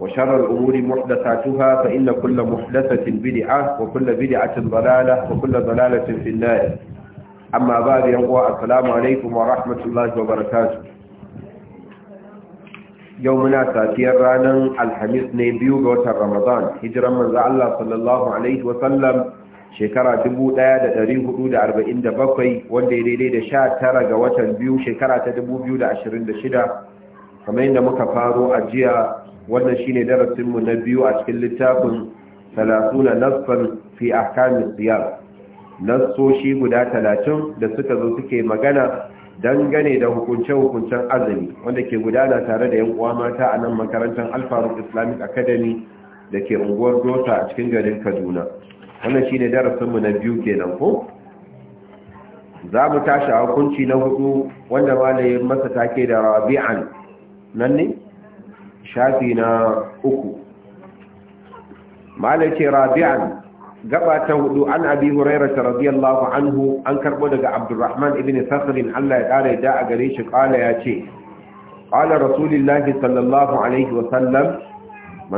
وشر الأمور محدثاتها فإن كل محدثة بدعة وكل بدعة ضلالة وكل ضلالة في النار أما بعد ينقوى السلام عليكم ورحمة الله وبركاته يومنا ساتير رانا الحميس نبيو بوتر رمضان هجرا من الله صلى الله عليه وسلم shekara 1447 wanda ya daidai da 19 ga watan biyu shekara ta 2026 kamar yadda muka faro a jiya wannan shine darasinmu na biyu a cikin littafin talatuna nasfan fi ahkamis siyar nassoshi guda talatin da suka zo suke magana dangane da hukunce-hukuncen azumi wanda ke gudana tare da yan uwa mata a nan makarantar Alfaru Islamic Academy da ke unguwar Dosa a cikin garin Kaduna wannan shine darasinmu na biyu kenan ko za mu tashi a hukunci na hudu wanda yi masa take da rabi'an nan ne shafi na uku malace rabi'an gaba ta hudu an abi hurairah radiyallahu anhu an karbo daga abdurrahman ibn sakhr Allah ya kare ya a gare shi kala yace qala rasulullahi sallallahu alaihi wa sallam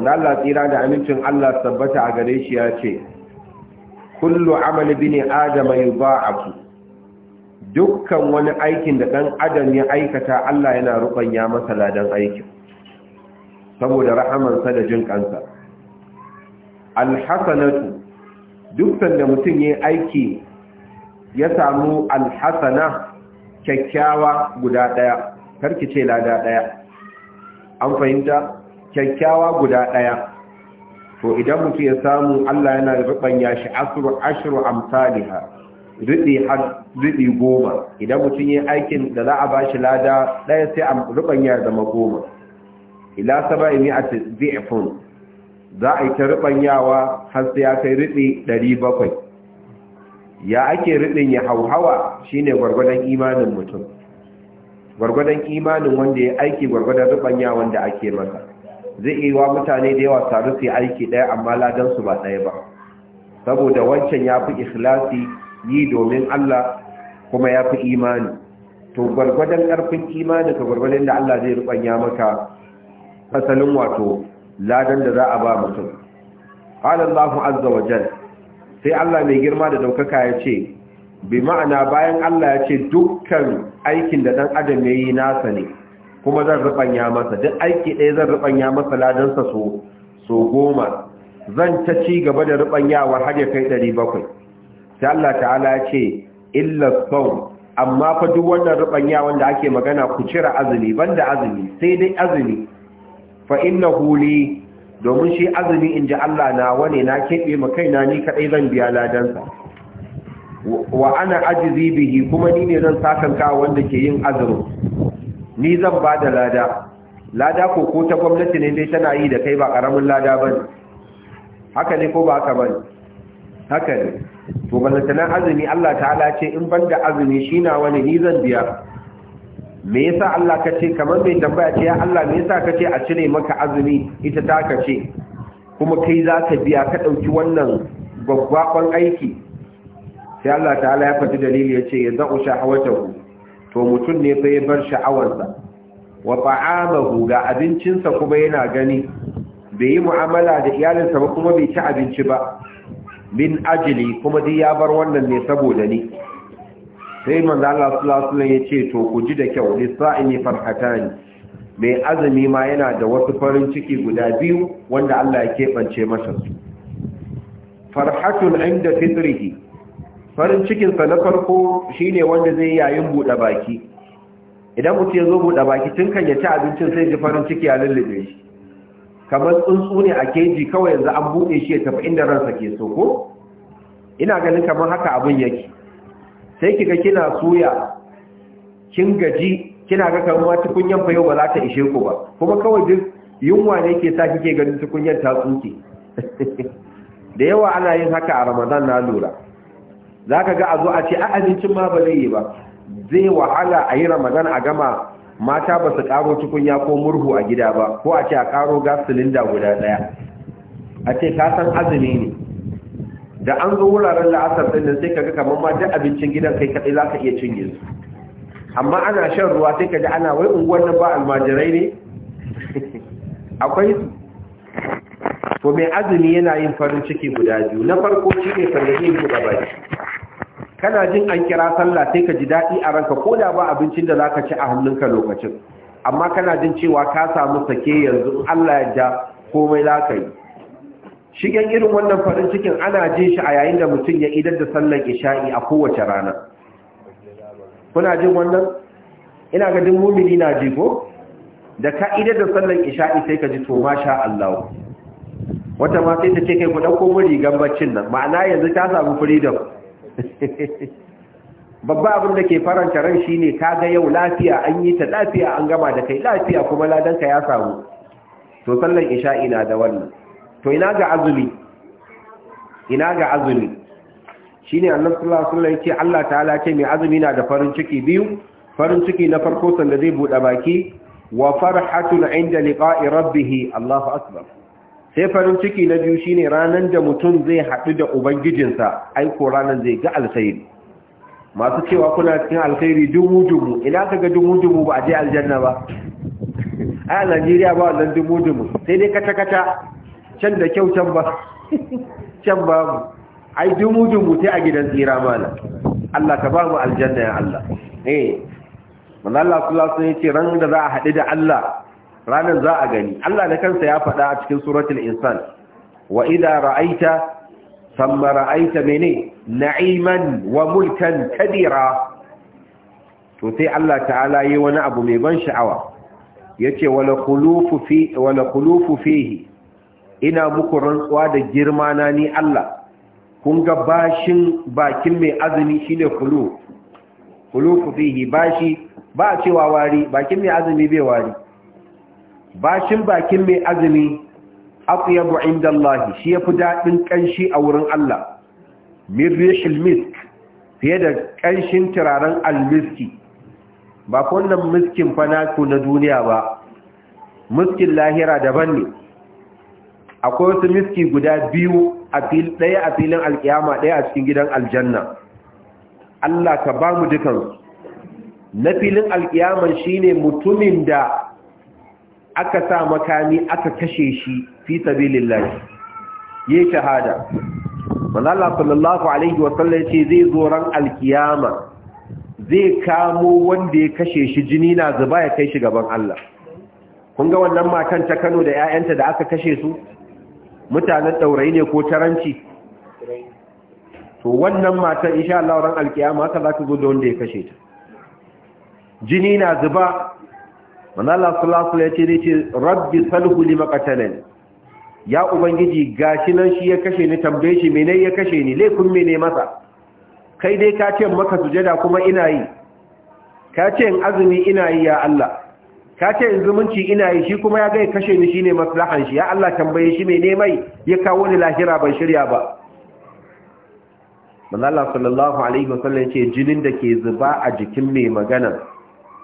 Allah tsira da amincin Allah tabbata a gare shi ya yace kullu amali bini adama ku. dukkan wani aikin da ɗan adam ya aikata Allah yana ya masa ladan aikin saboda rahamansa da jin kansa alhasanatu dukkan da mutum ya aiki ya samu alhasana kyakkyawa guda daya karki ce lada daya an fahimta kyakkyawa guda daya to idan mutum ya samu Allah yana rubanya shi asru ashru amsalha riɗi har goma idan mutum ya aikin da za a shi lada daya sai a ya zama goma ila saba'i a dhi'fun za a yi ta yawa har sai ya kai rubi 700 ya ake ribin ya hauhawa shine gwargwadon imanin mutum gwargwadon imanin wanda ya aiki gwargwadon rubanya wanda ake masa zai yi wa mutane da yawa sa su aiki ɗaya amma ladan su ba ɗaya ba saboda wancan ya fi ikhlasi yi domin Allah kuma ya fi imani to gwargwadon ƙarfin imani ka gwargwadon da Allah zai rubanya maka asalin wato ladan da za a ba mutum qala Allahu azza wa sai Allah mai girma da daukaka ya ce bi ma'ana bayan Allah ya ce dukkan aikin da ɗan adam ya yi nasa ne kuma zan rubanya masa duk aiki ɗaya zan rubanya masa Ladansa sa so so goma zan ta ci gaba da rubanyawa har ya kai 700 sai Allah ta'ala ya ce illa sawm amma fa duk wannan rubanya da ake magana ku cira azumi banda azumi sai dai azumi fa inna huli, domin shi azumi in ji Allah na wane na keɓe ma kaina ni kaɗai zan biya ladansa wa ana ajizi bihi kuma ni ne zan sakanka wanda ke yin azumi. ni zan ba da lada lada ko ko ta gwamnati ne dai tana yi da kai ba ƙaramin lada ba haka ne ko ba ka ba haka ne to ballantana azumi Allah ta'ala ce in banda azumi shi na wani ni zan biya me yasa Allah ka ce kamar mai tambaya ce ya Allah me yasa ka ce a cire maka azumi ita ta ka ce kuma kai za ka biya ka ɗauki wannan gwaggwaɓon aiki sai Allah ala ya fata dalili ya ce ya za'u sha'awatahu to mutum ne sai ya bar sha'awarsa wa ta'amahu ga abincinsa kuma yana gani bai yi mu'amala da iyalinsa ba kuma bai ci abinci ba min ajili kuma dai ya bar wannan ne saboda ni sai manzo Allah sallallahu alaihi wasallam yace to ku ji da kyau lisa'imi farhatani mai azumi ma yana da wasu farin ciki guda biyu wanda Allah ya keɓance masa su farhatun inda fitrihi farin cikinsa na farko shine wanda zai yayin buɗe baki idan mutum ya zo buɗe baki tun kan ya ci abincin sai ji farin ciki a lullube shi kamar tsuntsu ne a keji kawai yanzu an buɗe shi ya tafi inda ransa ke so ko ina ganin kamar haka abin yake sai kika kina suya kin gaji kina ga kamar tukunyan fa yau ba za ta ishe ku ba kuma kawai duk yunwa ne ke sa kike ganin tukunyan ta tsuke da yawa ana yin haka a Ramadan na lura zaka ga a zo a ce a abincin ma ba zai yi ba zai wahala a yi Ramadan a gama mata ba su karo tukunya ko murhu a gida ba ko a ce a karo gas silinda guda daya a ce ka san azumi ne da an zo wuraren la'asar din nan sai kaga kamar ma duk abincin gidan kai kadai zaka iya cinye su amma ana shan ruwa sai kaji ana wai unguwar nan ba almajirai ne akwai to mai azumi yana yin farin ciki guda biyu na farko shi ne sallame ku da bai kana jin an kira sallah sai ka ji daɗi a ranka ko da ba abincin da zaka ci a hannunka lokacin amma kana jin cewa ka samu sake yanzu Allah ya ja komai zaka yi shi irin wannan farin cikin ana jin shi a yayin da mutum ya idar da sallar isha'i a kowace rana kuna jin wannan ina ga din mumini na ji ko da ka idar da sallar isha'i sai ka ji to ma sha Allah wata ma sai ta ce kai ku dauko muri gambacin baccin nan ma'ana yanzu ta samu freedom babba abin da ke faranta ran shine ga yau lafiya an yi ta lafiya an gama da kai lafiya kuma ladan ka ya samu to sallar isha'i na da wannan to ina ga azumi ina ga azumi shine annabi sallallahu alaihi wasallam yace Allah ta'ala ce mai azumi na da farin ciki biyu farin ciki na farko sanda zai bude baki wa farhatun inda liqa'i rabbih Allahu akbar sai farin ciki na biyu shine ranan da mutum zai haɗu da ubangijinsa ai ko ranan zai ga alkhairi masu cewa kuna cikin alkhairi dubu dubu ina ka ga dubu dubu ba a je aljanna ba a Najeriya ba wannan dubu dubu sai dai kata kata can da kyau can ba can babu ai dumu dumu tai a gidan tsira mana Allah ka ba aljanna ya Allah eh manzo Allah sallallahu alaihi wasallam ran da za a haɗu da Allah ranan za a gani Allah da kansa ya faɗa a cikin suratul insan wa idza ra'aita thumma ra'aita mene na'iman wa mulkan kadira. to sai Allah ta'ala yi wani abu mai ban sha'awa yace wala khulufu fi wala khulufu fihi ina muku rantsuwa da girma na ni Allah kun ga bashin bakin mai azumi shine kulu kulu fihi bashi ba a cewa wari bakin mai azumi bai wari bashin bakin mai azumi aqyabu inda Allah shi yafi dadin kanshi a wurin Allah min rishil misk fiye da kanshin turaren almiski ba kullum miskin fanaku na duniya ba miskin lahira daban ne akwai wasu miski guda biyu ɗaya a filin alkiyama ɗaya a cikin gidan aljanna Allah ka ba mu dukansu na filin shi shine mutumin da aka sa makami aka kashe shi fi sabilillahi yi shahada manzala sallallahu alaihi Wasallai ce zai zo ran alkiyama zai kamo wanda ya kashe shi jini na zuba ya kai shi gaban Allah kun ga wannan matan ta Kano da 'ya'yanta da aka kashe su mutanen ɗaurayi ne ko taranci to wannan matan isha Allah ran alkiyama haka za ta zo da wanda ya kashe ta jini na zuba manzo Allah sallallahu alaihi wasallam ya ce rabbi salhu lima qatalani ya ubangiji gashi nan shi ya kashe ni tambaye shi mene ya kashe ni laifin mene masa kai dai ka ce maka sujada kuma ina yi ka ce in azumi ina yi ya Allah ka ce in zumunci ina yi shi kuma ya ga kashe ni shine maslahan shi ya Allah tambaye shi mai mai ya kawo ni lahira ban shirya ba manzo Allah sallallahu alaihi wasallam ce jinin da ke zuba a jikin mai magana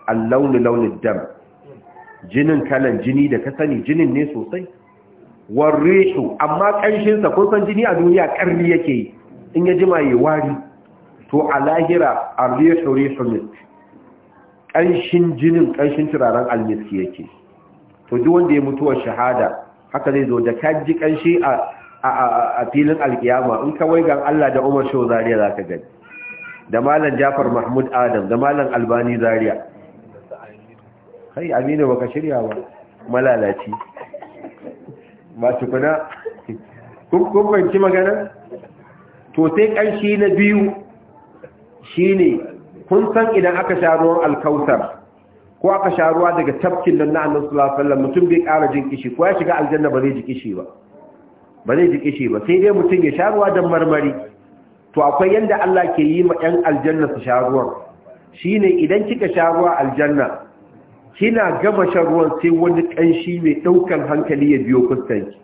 al-launu dam jinin kalan jini da ka sani jinin ne sosai warrihu amma kanshin sa kun san jini a duniya ƙarni yake in ya jima yi wari to a lahira arrihu rihu ƙanshin jinin ƙanshin turaren almiski yake to duk wanda ya mutuwa shahada haka zai zo da ka ji ƙanshi a filin alƙiyama, in kawai gan Allah da Umar Shehu Zaria za ka gani da malam Jafar Mahmud Adam da malam Albani Zaria kai Aminu baka shirya ba malalaci su kuna kun kwanci magana to sai ƙanshi na biyu shine kun san idan aka sha ruwan alkautar ko aka sha ruwa daga tafkin nan na annabi sallallahu alaihi wasallam mutum bai ƙara jin kishi ko ya shiga aljanna ba zai ji kishi ba ba zai ji kishi ba sai dai mutum ya sha ruwa don marmari to akwai yanda Allah ke yi ma 'yan aljanna su sha ruwan shine idan kika sha ruwa aljanna kina gama shan ruwan sai wani ƙanshi mai ɗaukar hankali ya biyo fuskanki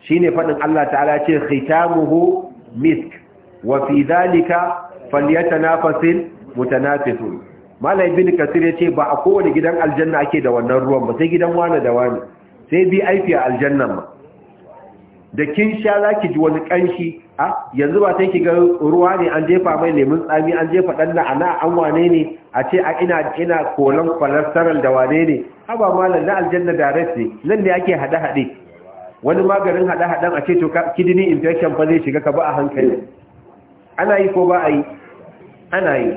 shine faɗin Allah ta'ala ce khitamuhu misk wa fi dhalika falyatanafasil mutanafisun malai bin kasir ce ba a kowane gidan aljanna ake da wannan ruwan ba sai gidan wani da wani sai bi aifi a aljannan ma da kin sha zaki ji wani kanshi a yanzu ba sai ki ga ruwa ne an jefa mai lemun tsami an jefa ɗan na ana an wane ne a ce a ina ina kolan cholesterol da wane ne haba malam na aljanna da ne nan ne ake hada hade wani maganin haɗe hadan a ce to kidney infection fa zai shiga ka ba a hankali ana yi ko ba a yi ana yi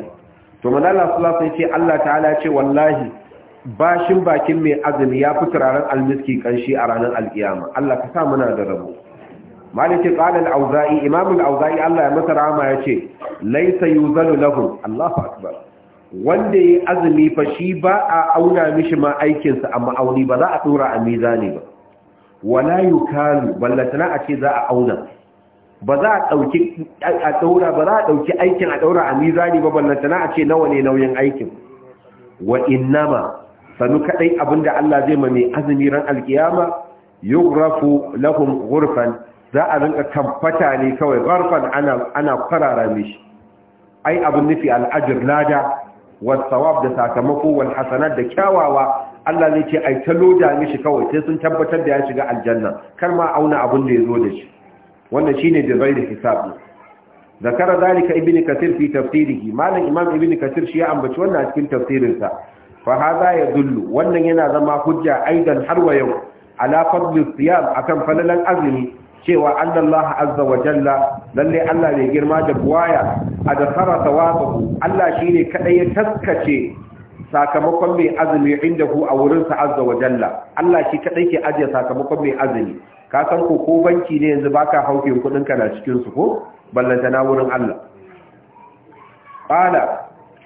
to manala sallallahu alaihi ce Allah ta'ala ce wallahi bashin bakin mai azumi ya fi turaren almiski kanshi a ranar alkiyama Allah ka sa muna da rabo malike qala al-auza'i imam al-auza'i Allah ya masa rahama ce, laysa yuzalu lahu Allahu akbar wanda yayi azumi fa shi ba a auna mishi ma aikin sa amma auni ba za a dora a mizani ba wala yukalu ballatana a ce za a auna ba za a ɗauki a ɗaura ba za a ɗauki aikin a ɗaura a mizani ba ballantana a ce nawa ne nauyin aikin wa innama sanu kaɗai abinda Allah zai ma mai azumi ran alkiyama yughrafu lahum ghurfan za a rinka kamfata ne kawai ghurfan ana ana farara mishi ai abin nufi al'ajir lada wa da sakamako wal hasanat da kyawawa Allah zai ce ai ta loda mishi kawai sai sun tabbatar da ya shiga aljanna kar ma auna abin da ya zo da shi wanda shine da zai da hisabi zakara zalika ibnu kathir fi tafsirihi malam imam ibini kathir shi ya ambaci wannan a cikin tafsirinsa fa hadha yadullu wannan yana zama hujja aidan har wa yau ala siyam akan falalan azumi cewa Allah azza wa jalla lalle Allah ne girma da buwaya a da Allah shi ne kaɗai ya taskace sakamakon mai azumi inda ku a wurinsa azza wa jalla Allah shi kaɗai ke ajiye sakamakon mai azumi ka san ko ko banki ne yanzu baka haukin kudin ka na cikin su ko ballanta na wurin Allah qala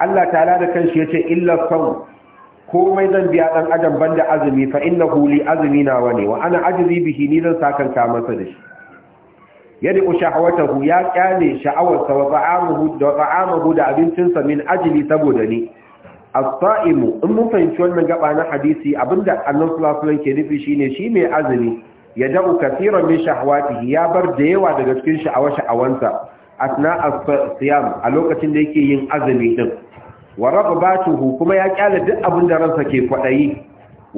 Allah ta'ala da kanshi yace illa saum komai zan biya dan adam banda azumi fa innahu li azmi na wani wa ana ajzi bihi ni zan ka masa da shi yadi ushahwatahu ya kyale sha'awarsa wa ta'amuhu da ta'amuhu da sa min ajli saboda ni as-sa'imu in mun fahimci wannan gaba na hadisi abinda annabi sallallahu alaihi ke nufi shine shi mai azumi ya da'u kasiran min shahawatihi ya bar da yawa daga cikin sha'awa sha'awansa asna as-siyam a lokacin da yake yin azumi din wa raghbatuhu kuma ya kyale duk abin da ransa ke kwadayi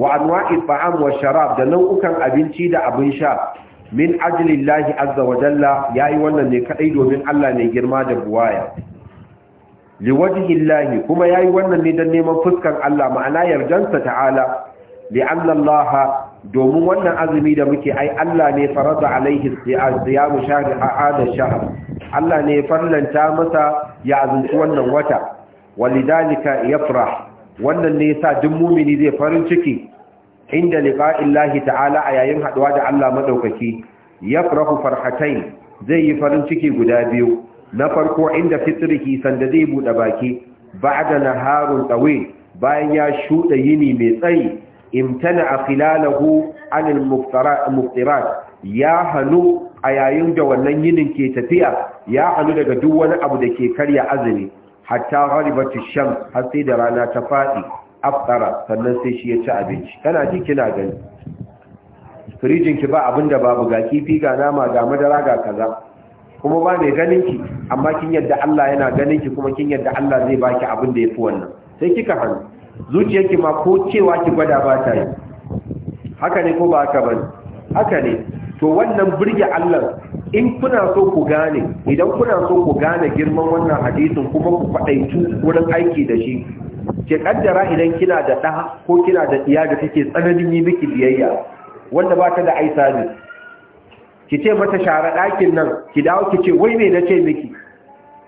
wa anwa'i ta'am wa sharab da nau'ukan abinci da abin sha min ajlillahi Allah azza wa jalla yayi wannan ne kadai domin Allah ne girma da buwaya liwajhi Allah kuma yayi wannan ne dan neman fuskan Allah ma'ana yardansa ta'ala li Allah domin wannan azumi da muke ai Allah ne farata alaihi siyamu shahri hada shahr Allah ne farlanta masa ya azumci wannan wata walidalika yafrah wannan ne yasa duk mumini zai farin ciki inda Illahi ta'ala a yayin haɗuwa da Allah madaukaki yafrahu farhatai zai yi farin ciki guda biyu na farko inda fitrihi sanda zai bude baki ba'da naharun tawil bayan ya shuda yini mai tsayi imtana khilalahu anil muftirat ya hanu a yayin da wannan yinin ke tafiya ya hanu daga duk wani abu da ke karya azumi hatta gharibat ash shan har sai da rana ta fadi aftara sannan sai shi ya ci abinci kana ji kina gani firijin ki ba abinda babu ga kifi ga nama ga madara ga kaza kuma ba mai ganin ki amma kin yadda Allah yana ganin ki kuma kin yadda Allah zai baki abin da yafi wannan sai kika hannu zuciyarki ma ko cewa ki gwada ba ta yi haka ne ko ba haka ba haka ne to wannan burge Allah in kuna so ku gane idan kuna so ku gane girman wannan hadisin kuma ku faɗaitu wurin aiki da shi ke ƙaddara idan kina da ɗa ko kina da ɗiya da take tsananin yi miki biyayya wanda ba ta da aisa ne ki ce mata share ɗakin nan ki dawo ki ce wai me na ce miki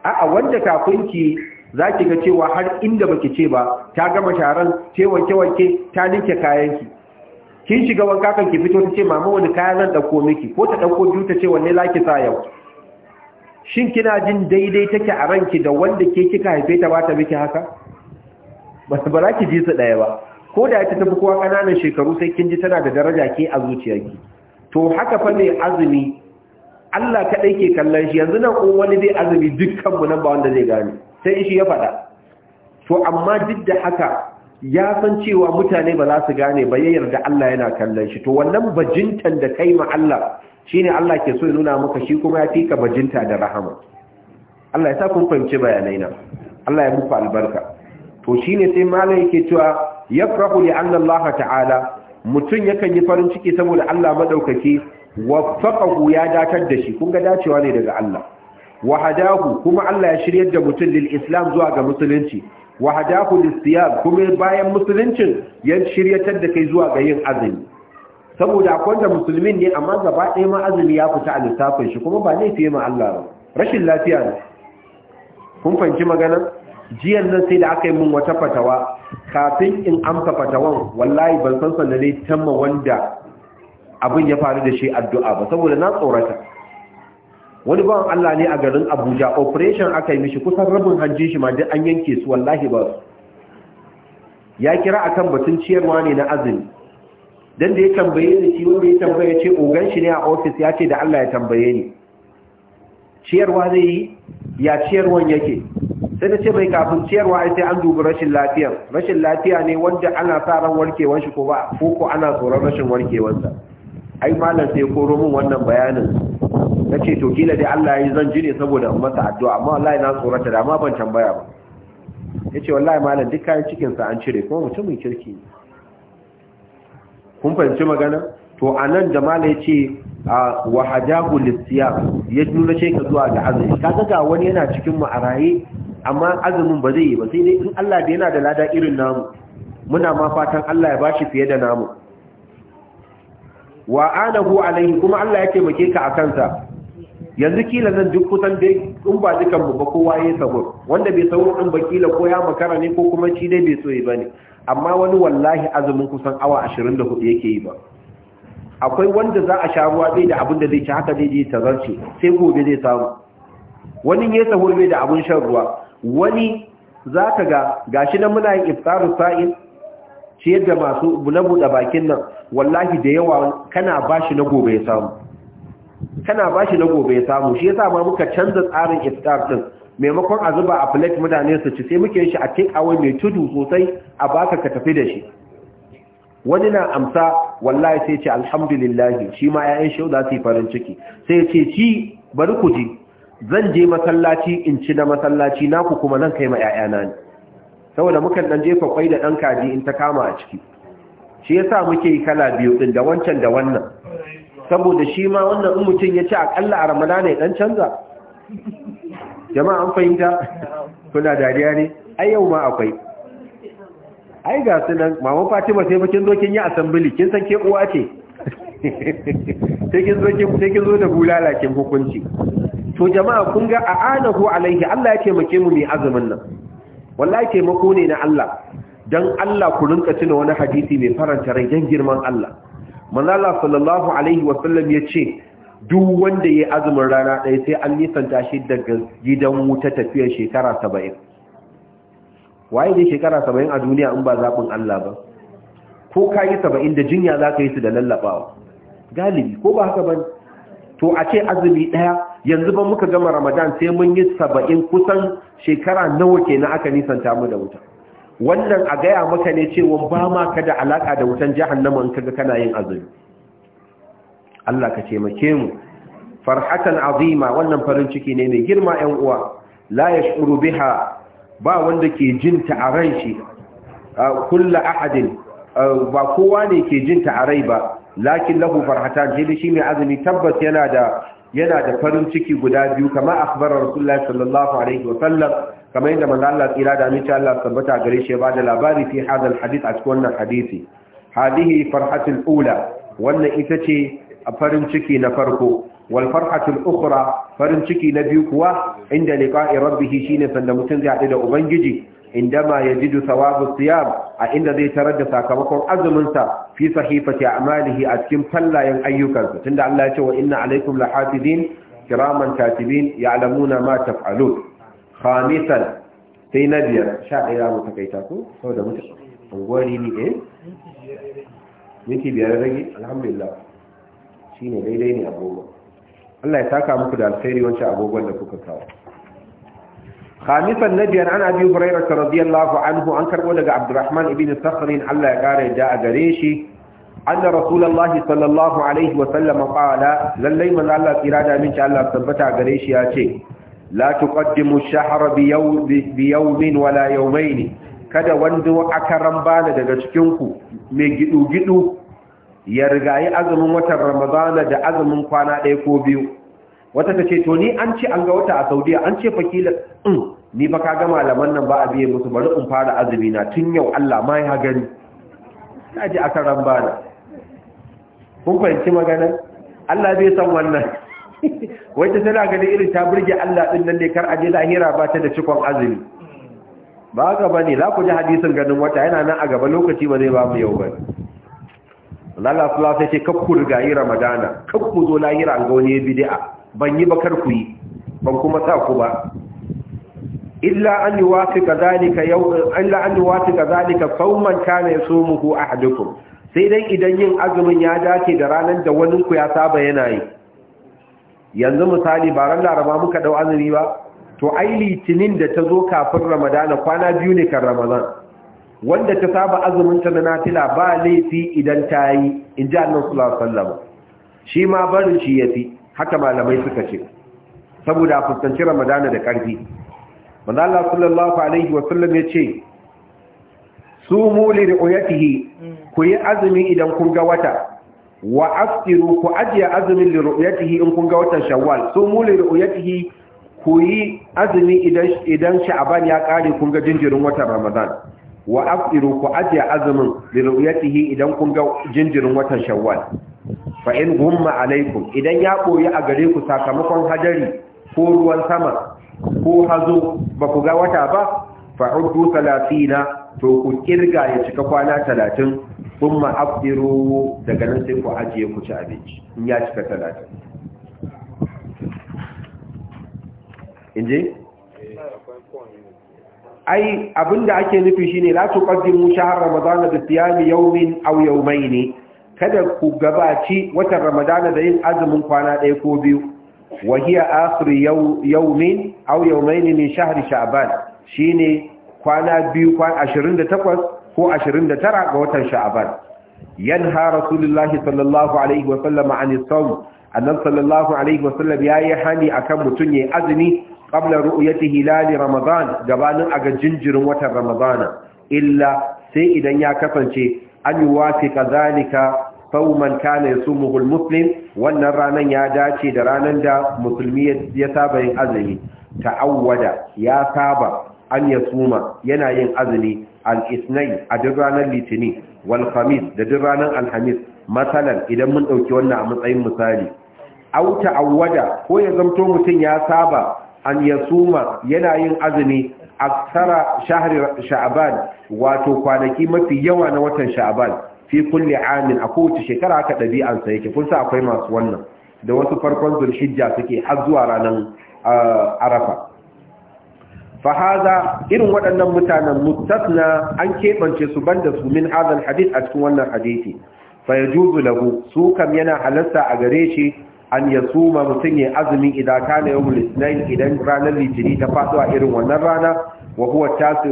a'a wanda kafin ki za ki ga cewa har inda baki ce ba ta gama sharan ce wanke-wanke ta ninke kayanki kin shiga wanka kan ki fito ta ce mama wani kaya zan ɗauko miki ko ta ɗauko biyu ta ce wanne za sa yau shin kina jin daidai take a ranki da wanda ke kika haife ta ba ta miki haka ba bara ki ji su daya ba ko da ta tafi kowa kananan shekaru sai kin ji tana da daraja ke a zuciyarki to haka fa ne azumi Allah kaɗai ke kallon shi yanzu nan wani dai azumi dukkanmu nan ba wanda zai gane sai shi ya faɗa to amma duk da haka ya san cewa mutane ba za su gane ba ya yarda Allah yana kallon shi to wannan bajintan da kai ma Allah shine Allah ke so ya nuna maka shi kuma ya fika bajinta da rahama Allah ya sa kun fahimci bayanai na Allah ya muku albarka to shine sai malai yake cewa yafrahu li anna Allah ta'ala mutum yakan yi farin ciki saboda Allah maɗaukaki, waffaqahu ya datar da shi kun ga dacewa ne daga Allah wa hadahu kuma Allah ya shiryar da mutum lil islam zuwa ga musulunci wa hadahu lissiyam kuma bayan musuluncin ya shiryatar da kai zuwa ga yin azumi saboda akwai da musulmin ne amma gaba ɗaya ma azumi ya fita a lissafin shi kuma ba ne fiye ma Allah ba rashin lafiya ne kun fanci magana jiyan nan sai da aka yi mun wata fatawa kafin in amsa fatawan wallahi ban san sanane tamma wanda abin ya faru da shi addu'a ba saboda na tsorata wani bawan Allah ne a garin Abuja operation aka yi mishi kusan rabin hanjin shi ma duk an yanke su wallahi ba ya kira akan batun ciyarwa ne na azumi dan da ya tambaye ni shi wanda ya tambaye ce ogan shi ne a office ya ce da Allah ya tambaye ni ciyarwa zai yi ya ciyarwan yake sai ta ce mai kafin ciyarwa ai sai an dubi rashin lafiya rashin lafiya ne wanda ana sa ran warkewar shi ko ba ko ko ana tsoron rashin warkewar sa ai malam sai koro min wannan bayanin na ce to kila dai Allah ya yi zan ne saboda in masa addu'a amma wallahi na tsorata da amma ban tambaya ba ya ce wallahi malam duk kayan cikinsa an cire kuma mutumin kirki ne kun fahimci magana to a nan da malam ya ce a wahajahu lissiya ya nuna ce ka zuwa ga azumi Ka ga wani yana cikin mu a amma azumin ba zai yi ba sai dai in Allah da yana da lada irin namu muna ma fatan Allah ya bashi fiye da namu wa anahu alaihi kuma Allah ya taimake ka a kansa. yanzu kila nan duk kusan dai in ba dukan mu ba kowa yayi sahur wanda bai sahur din ba kila ko ya makara ne ko kuma shi dai bai so yi ne, amma wani wallahi azumin kusan awa 24 yake yi ba akwai wanda za a sha ruwa bai da abin da zai ci haka zai je tazarce sai gobe zai samu wani ya sahur bai da abun shan ruwa wani za ka ga gashi nan muna yin iftaru sa'in ciyar da masu na buɗe bakin nan wallahi da yawa kana bashi na gobe ya samu kana bashi na gobe ya samu shi ya sa ba muka canza tsarin iftar din maimakon a zuba a plate mutane su ci sai muke shi a take away mai tudu sosai a baka ka tafi da shi wani na amsa wallahi sai ce alhamdulillah shi ma yayin shi za su yi farin ciki sai ce ci bari ku ji zan je masallaci in ci na masallaci naku kuma nan kai ma 'ya'yana ne saboda muka dan jefa kwai da dan kaji in ta kama a ciki shi yasa muke yi kala biyu din da wancan da wannan saboda shi ma wannan in mutum ya ci akalla a ramadana ya dan canza jama'a an fahimta kuna dariya ne ai yau ma akwai ai ga su nan Mama fatima sai bakin zo kin yi asambili kin san ke uwa ce sai kin zo da bulala kin hukunci to jama'a kun ga a anahu alaihi Allah ya taimake mu mai azumin nan wallahi taimako ne na Allah dan Allah ku rinka tuna wani hadisi mai faranta rai dan girman Allah manala sallallahu alaihi wasallam ya ce duk wanda ya azumin rana ɗaya sai an nisanta shi daga gidan wuta tafiyar shekara saba'in waye ne shekara saba'in a duniya in ba zaɓin Allah ba ko ka yi saba'in da jinya za ka yi su da lallaɓawa galibi ko ba haka ba to a ce azumi ɗaya yanzu ba muka gama ramadan sai mun yi saba'in kusan shekara nawa kenan aka nisanta mu da wuta wannan a gaya maka ne cewa ba ma ka da alaka da wutan jahannama in kaga kana yin azumi Allah ka taimake mu farhatan azima wannan farin ciki ne mai girma 'yan uwa la yash'uru biha ba wanda ke jinta a ran shi kullu ahadin ba kowa ne ke jinta a rai ba lakin lahu farhatan shi shi mai azumi tabbas yana da yana da farin ciki guda biyu kama akhbara rasulullahi sallallahu alaihi wa sallam kamar yadda manzo Allah tsira da aminci Allah tabbata gare shi ba da labari fi hadal hadith a cikin wannan hadisi hadihi farhatul ula wannan ita ce a farin ciki na farko wal farhatul ukhra farin ciki na biyu kuwa inda liqa'i rabbih shine sanda mutum zai haɗu da ubangiji indama yajidu thawabu siyam a inda zai tarar da sakamakon azumin sa fi sahifati a'malihi a cikin fallayen ayyukansa tunda Allah ya ce wa inna alaikum lahafizin kiraman katibin ya'lamuna ma taf'alun khamisan sai na biyar sha ɗaya mu takaita ku? ko saboda mutum unguwari ne eh minti biyar rage alhamdulillah shi ne daidai ne agogo Allah ya saka muku da alkhairi wancan agogon da kuka kawo khamisan na biyar an abi hurairah radiyallahu anhu an karbo daga abdurrahman ibn sakhrin Allah ya kare da a gare shi anna rasulullahi sallallahu alaihi wa sallam qala lallai manzo Allah irada min Allah tabbata gare shi ya ce لا تقدم الشهر بيوم ولا يومين kada wanda aka rambana daga cikin ku mai gidu gidu ya rigayi azumin watan ramadana da azumin kwana ɗaya ko biyu wata ta ce to ni an ce an ga wata a saudiya an ce fakila in ni ba ka ga malaman nan ba a biye musu bari in fara azumi na tun yau allah ma ya gani na ji aka rambana kun fahimci magana allah bai san wannan wacce tana ganin irin ta burge Allah ɗin nan ne kar aje lahira ba ta da cikon azumi ba gaba ne, za ku ji hadisin ganin wata yana nan a gaba lokaci ba zai ba mu yau ba Allah Allah sai ce kakku riga yi Ramadana kakku zo lahira ga wani bid'a ban yi ba kar ku yi ban kuma sa ku ba illa an yuwafiqa zalika yau illa an yuwafiqa zalika sawman kana yasumuhu ahadukum sai dai idan yin azumin ya dace da ranar da wani ku ya saba yana yi yanzu misali ba ran laraba muka dau azumi ba to ai litinin da ta zo kafin ramadana kwana biyu ne kan ramadan wanda ta saba azumin ta na natila ba laifi idan ta yi in ji annan sallallahu alaihi wasallam shi ma barin shi yafi haka malamai suka ce saboda fuskanci ramadana da karfi manzo Allah sallallahu alaihi wasallam ya ce sumu li ru'yatihi ku yi azumi idan kun ga wata wa aftiru ku ajiye azumin liru'yatihi in kun ga watan shawwal so mu liru'yatihi ku yi azumi idan sha'aban ya kare kun ga jinjirin watan ramadan wa aftiru ku ajiye azumin liru'yatihi idan kun ga jinjirin watan shawwal fa in gumma alaikum idan ya koyi a gare ku sakamakon hadari ko ruwan sama ko hazo ba ku ga wata ba fa'uddu 30 to ku kirga ya cika kwana talatin sun ma'abdiru daga nan sai ku ajiye ku ci abinci in ya cika talatin in ai abinda ake nufi shine la tuqaddimu shahr ramadana bi siyami yawmin aw yawmayn kada ku gabaci watan ramadana da yin azumin kwana ɗaya ko biyu wa hiya akhir yawmin aw yawmayn min shahr sha'ban shine kwana biyu da takwas ko tara ga watan sha'aban yanha rasulullahi sallallahu alaihi wa sallam an sawm sallallahu alaihi wa sallam yayi hani akan ya yi azumi ƙabla ru'uyati hilali ramadan gabanin ga jinjirin watan ramadana illa sai idan ya kasance an yuwafiqa zalika sauman kana yasumuhu almuslim wannan ranar ya dace da ranar da musulmi ya saba yin azumi ta'awwada ya saba an ya suma yana yin azumi al-isnai a duk ranar litini wal khamis da duk ranar alhamis matsalan idan mun ɗauki wannan a matsayin misali auta awwada ko ya zamto mutum ya saba an ya suma yana yin azumi aksara shahri sha'ban wato kwanaki mafi yawa na watan Sha'aban, fi kulli amin a kowace shekara haka ɗabi'ansa yake kun sa akwai masu wannan da wasu farkon zulhijja suke har zuwa ranar ah, arafa fahaza irin waɗannan mutanen mustasna an keɓance su banda su min azal hadis a cikin wannan hadisi fa yajuzu lahu su kam yana halarta a gare shi an ya suma mutum ya azumi idan kana yawmul isnain idan ranar litini ta faɗo a irin wannan rana wa huwa tasi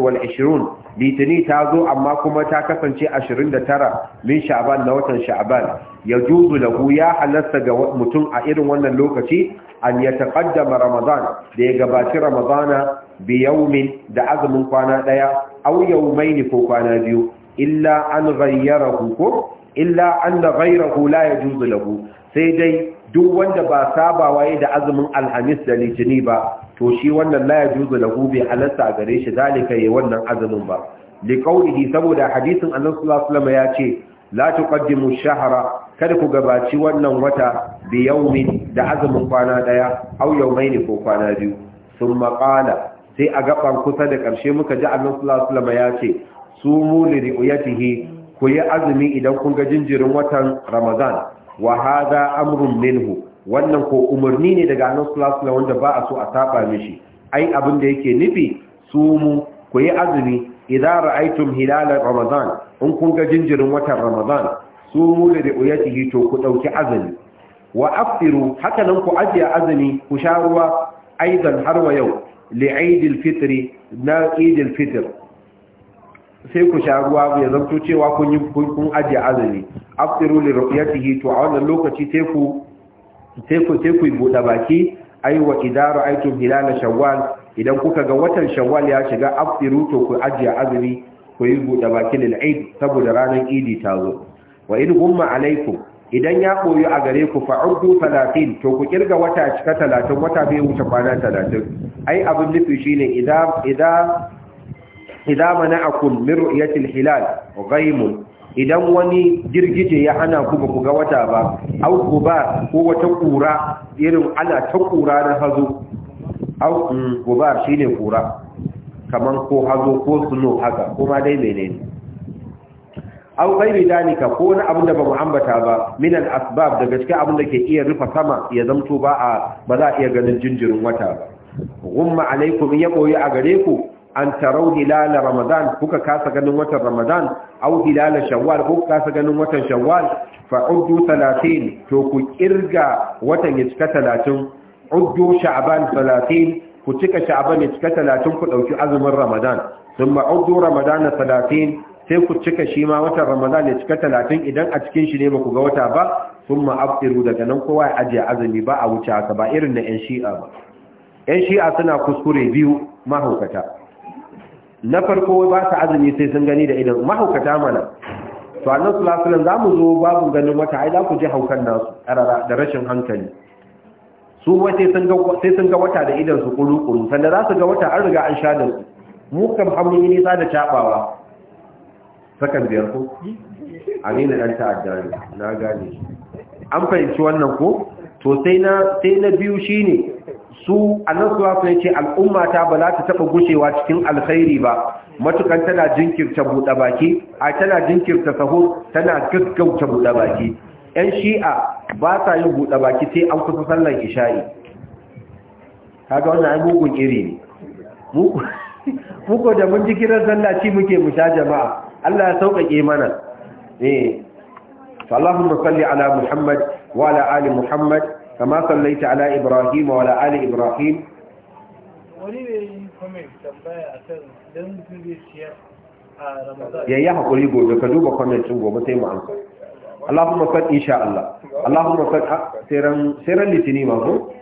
litini ta zo amma kuma ta kasance ashirin da tara. min sha'ban na watan sha'ban yajuzu lahu ya halasta ga mutum a irin wannan lokaci an ya taqaddama ramadan da ya gabaci ramadana bi da azumin kwana daya aw maini ko kwana biyu illa an ghayyarahu ko illa anna ghayrahu la yajuzu lahu sai dai duk wanda ba sabawa yi da azumin alhamis da litini ba to shi wannan la na da gube halatta gare shi zalika yi wannan azumin ba li saboda hadisin annabi sallallahu alaihi wasallam ya ce la tuqaddimu shahra kada ku gabaci wannan wata bi yawmin da azumin kwana daya aw yawmayn ko kwana biyu thumma qala sai a gaban kusa da karshe muka ji annabi sallallahu alaihi wasallam ya ce sumu li ru'yatihi ku yi azumi idan kun ga jinjirin watan ramadan wa amrun minhu wannan ko umarni ne daga annabi sallallahu alaihi wanda ba a so a saba mishi ai abin da yake nufi sumu ku yi azumi idan ra'aytum hilal ramadan in kun ga jinjirin watan ramadan sumu da ru'yatihi to ku dauki azumi wa aftiru haka nan ku ajiye azumi ku sha ruwa aidan har wa yau li'idil fitri na idil fitr sai ku sha ruwa ya zanto cewa kun yi kun ajiye azumi afsiru li ru'yatihi to a wannan lokaci sai ku sai ku sai ku buɗe baki ai wa idaru aitum hilal shawwal idan kuka ga watan shawwal ya shiga afsiru to ku aje azumi ku yi buɗe baki lil eid saboda ranar idi ta zo wa in gumma alaikum idan ya koyi a gare ku fa'uddu 30 to ku kirga wata cika 30 wata bai wuce kwana 30 ai abin nufi shine idan idan idza mana'akum min ru'yatil hilal ghaimun idan wani girgije ya hana ku ba ku ga wata ba au guba ko wata kura irin ana ta kura na hazo au guba shine kura kaman ko hazo ko suno haka kuma dai menene au ghairi dalika ko wani abu da ba mu ambata ba min al asbab daga cikin abin da ke iya rufa sama ya zamto ba a ba za a iya ganin jinjirin wata ba gumma alaikum ya koyi a gare ku an tarau hilal ramadan kuka kasa ganin watan ramadan au hilal shawwal kuka kasa ganin watan shawwal fa uddu 30 to ku kirga watan ya cika 30 uddu sha'ban 30 ku cika sha'ban ya cika 30 ku dauki azumin ramadan thumma uddu ramadan 30 sai ku cika shi ma watan ramadan ya cika 30 idan a cikin shi ne ba ku ga wata ba thumma aftiru daga nan kowa ya ajiye azumi ba a wuce haka ba irin na yan shi'a ba yan shi'a suna kuskure biyu mahaukata na farko ba ta azumi sai sun gani da idan mahaukata mana to annan sulasulan za mu zo babu ganin wata ai za ku ji haukan nasu ƙarara da rashin hankali su ba sai sun ga wata da idan su kuru-kuru sanda za su ga wata an riga an sha da su mu kam hamu yi nisa da caɓawa sakan biyar ko amina ɗan ta'adda ne na gane an fahimci wannan ko to sai na biyu shine su annan suwasu ya ce al'umma ta ba za ta taɓa gushewa cikin alkhairi ba matukan tana jinkirta buɗe baki a tana jinkirta sahur tana gaggauta buɗe baki ‘yan shi'a ba sa yin buɗe baki sai an kusa sallan isha'i kaga wannan ai mugun iri ne muku da mun ji kiran sallah ci muke mu sha jama'a Allah ya sauƙaƙe mana ne eh. Allahumma salli ala Muhammad wa ala ali Muhammad kama sallaita ala ibrahim wa ali ibrahim wani ne yi yayi hakuri gobe ka duba comment din gobe sai mu amsa Allahumma salli insha Allah Allahumma salli siran siran litini ma ko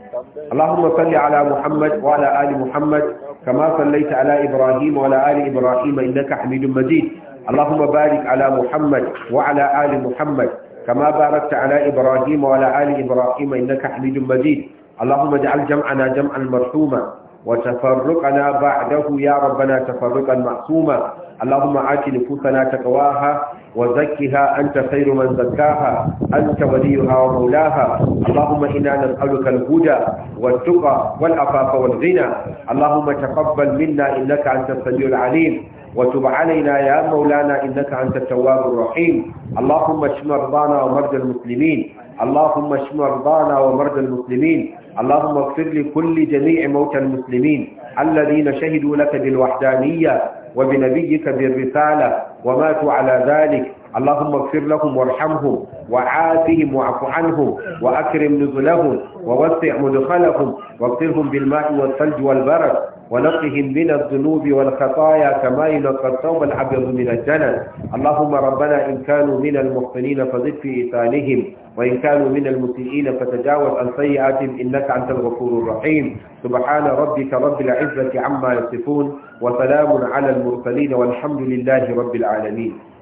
اللهم صل على محمد وعلى آل محمد كما صليت على إبراهيم وعلى آل إبراهيم إنك حميد مجيد اللهم بارك على محمد وعلى آل محمد كما باركت على إبراهيم وعلى آل إبراهيم إنك حميد مجيد اللهم اجعل جمعنا جمعا مرحوما وتفرقنا بعده يا ربنا تفرقا معصوما اللهم آت نفوسنا تقواها وزكها أنت خير من زكاها أنت وليها ومولاها اللهم إنا نسألك الهدى والتقى والعفاف والغنى اللهم تقبل منا إنك أنت السميع العليم وتب علينا يا مولانا إنك أنت التواب الرحيم اللهم اشف مرضانا ومرضى المسلمين اللهم اشف مرضانا ومرضى المسلمين اللهم اغفر لكل جميع موتى المسلمين الذين شهدوا لك بالوحدانية وبنبيك بالرسالة وماتوا على ذلك اللهم اغفر لهم وارحمهم وعافهم واعف عنهم وأكرم نزلهم ووسع مدخلهم واغفرهم بالماء والثلج والبرد ونقهم من الذنوب والخطايا كما ينقى الثوب الأبيض من الجنة اللهم ربنا إن كانوا من المحسنين فزد في ايثارهم وإن كانوا من المسيئين فتجاوز عن سيئاتهم إنك أنت الغفور الرحيم سبحان ربك رب العزة عما يصفون وسلام على المرسلين والحمد لله رب العالمين